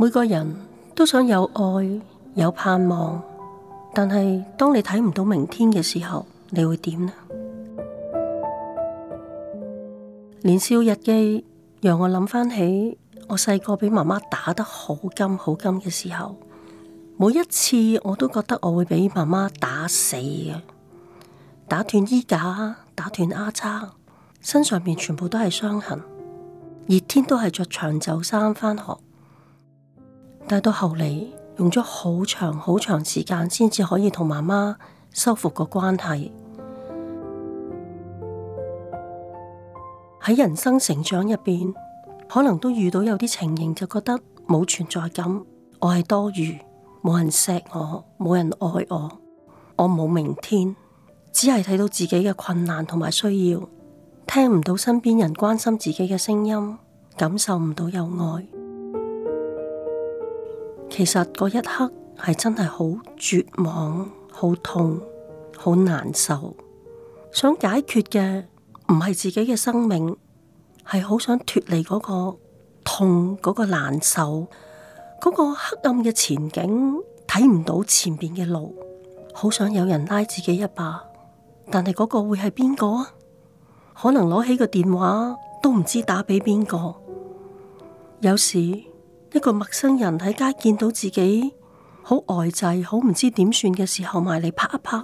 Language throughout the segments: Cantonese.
每個人都想有愛有盼望，但係當你睇唔到明天嘅時候，你會點呢？年少日記讓我諗翻起我細個俾媽媽打得好金好金嘅時候，每一次我都覺得我會俾媽媽打死嘅，打斷衣架，打斷阿叉，身上面全部都係傷痕，熱天都係着長袖衫返學。但到後嚟，用咗好長好長時間，先至可以同媽媽修復個關係。喺人生成長入邊，可能都遇到有啲情形，就覺得冇存在感，我係多餘，冇人錫我，冇人愛我，我冇明天，只係睇到自己嘅困難同埋需要，聽唔到身邊人關心自己嘅聲音，感受唔到有愛。其實嗰一刻係真係好絕望、好痛、好難受，想解決嘅唔係自己嘅生命，係好想脫離嗰個痛、嗰個難受、嗰個黑暗嘅前景，睇唔到前邊嘅路，好想有人拉自己一把，但係嗰個會係邊個啊？可能攞起個電話都唔知打俾邊個，有時。一個陌生人喺街見到自己好呆滯、好唔知點算嘅時候，埋嚟，拍一拍，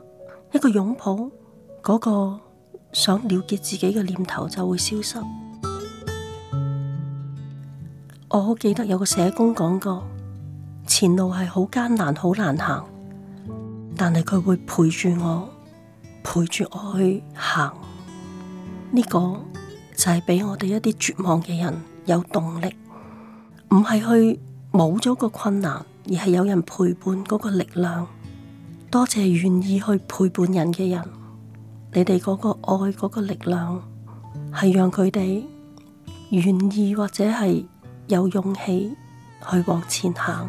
一個擁抱，嗰、那個想了結自己嘅念頭就會消失。我好記得有個社工講過，前路係好艱難、好難行，但係佢會陪住我，陪住我去行。呢、這個就係俾我哋一啲絕望嘅人有動力。唔係去冇咗個困難，而係有人陪伴嗰個力量。多謝願意去陪伴人嘅人，你哋嗰個愛嗰個力量，係讓佢哋願意或者係有勇氣去往前行。